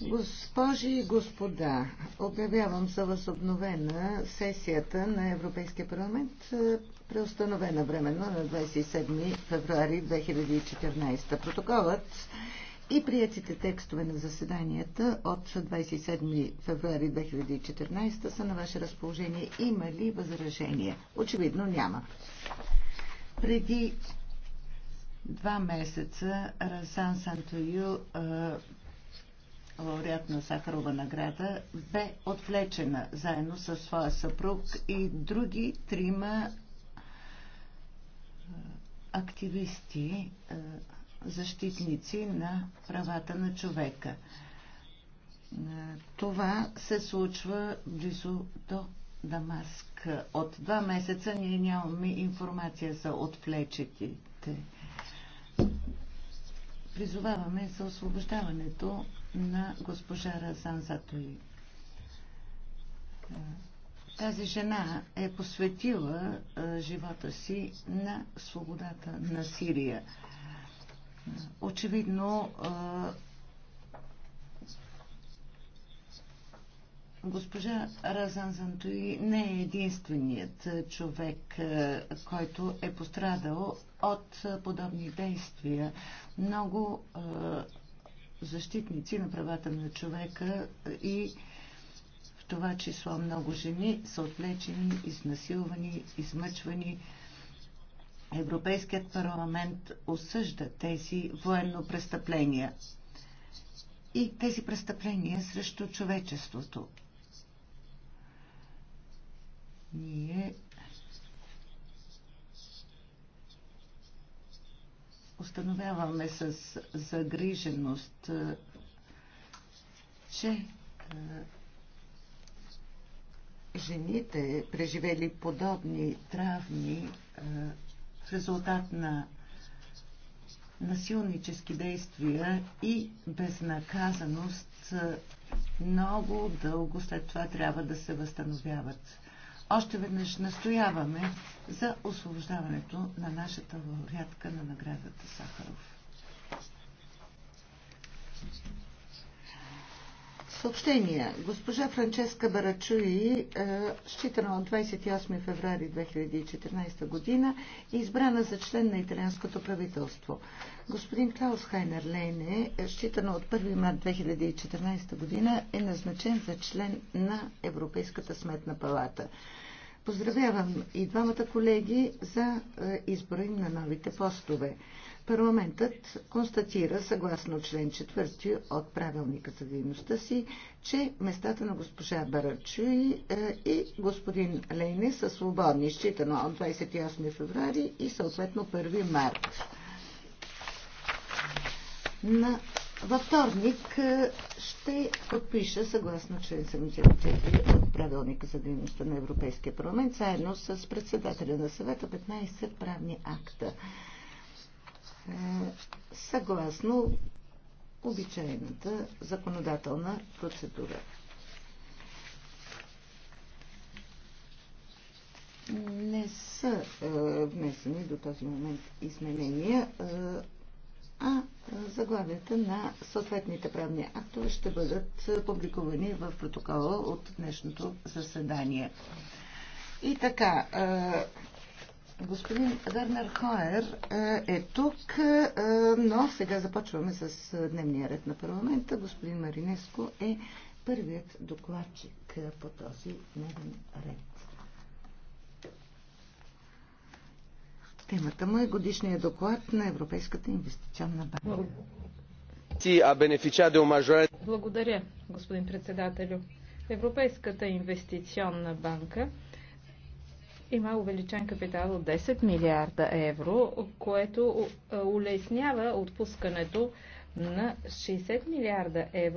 Госпожи и господа, обявявам за възобновена сесията на Европейския парламент, е, преустановена временно на 27 февруари 2014. Протоколът и приятите текстове на заседанията от 27 февруари 2014 са на ваше разположение. Има ли възражения? Очевидно няма. Преди два месеца Расан Сантою, лауреат на Сахарова награда, бе отвлечена заедно с своя съпруг и други трима активисти, защитници на правата на човека. Това се случва близо до Дамаск. От два месеца ние нямаме информация за отвлечетите призоваваме за освобождаването на госпожа Разан Затои. Е, тази жена е посветила е, живота си на свободата на Сирия. Е, очевидно Госпожа Разан Зантуи не е единственият е, човек, е, който е пострадал от е, подобни действия. Много защитници на правата на човека и в това число много жени са отвлечени, изнасилвани, измъчвани. Европейският парламент осъжда тези военно престъпления и тези престъпления срещу човечеството ние установяваме с загриженост, е, че е, жените, преживели подобни травми е, в резултат на насилнически действия и безнаказаност, много дълго след това трябва да се възстановяват. Още веднъж настояваме за освобождаването на нашата лауреатка на наградата Сахаров. Съобщения. Госпожа Франческа Барачуи, е, считана от 28 феврари 2014 година, е избрана за член на италианското правителство. Господин Клаус Хайнер Лейне, е, считана от 1 март 2014 година, е назначен за член на Европейската сметна палата. Поздравявам и двамата колеги за е, избора им на новите постове. Парламентът констатира, съгласно член 4 от правилника за дейността си, че местата на госпожа Барачу е, и господин Лейне са свободни, считано от 28 феврари и съответно 1 март. На във вторник е, ще подпиша, съгласно член 74 от правилника за дейността на Европейския парламент, заедно с председателя на съвета 15 правни акта. Е, съгласно обичайната законодателна процедура. Не са е, внесени до този момент изменения а заглавията на съответните правни актове ще бъдат публикувани в протокола от днешното заседание. И така, господин Вернер Хоер е тук, но сега започваме с дневния ред на парламента. Господин Маринеско е първият докладчик по този дневен Темата му е годишния доклад на Европейската инвестиционна банка. Благодаря, господин председателю. Европейската инвестиционна банка има увеличен капитал от 10 милиарда евро, което е, улеснява отпускането на 60 милиарда евро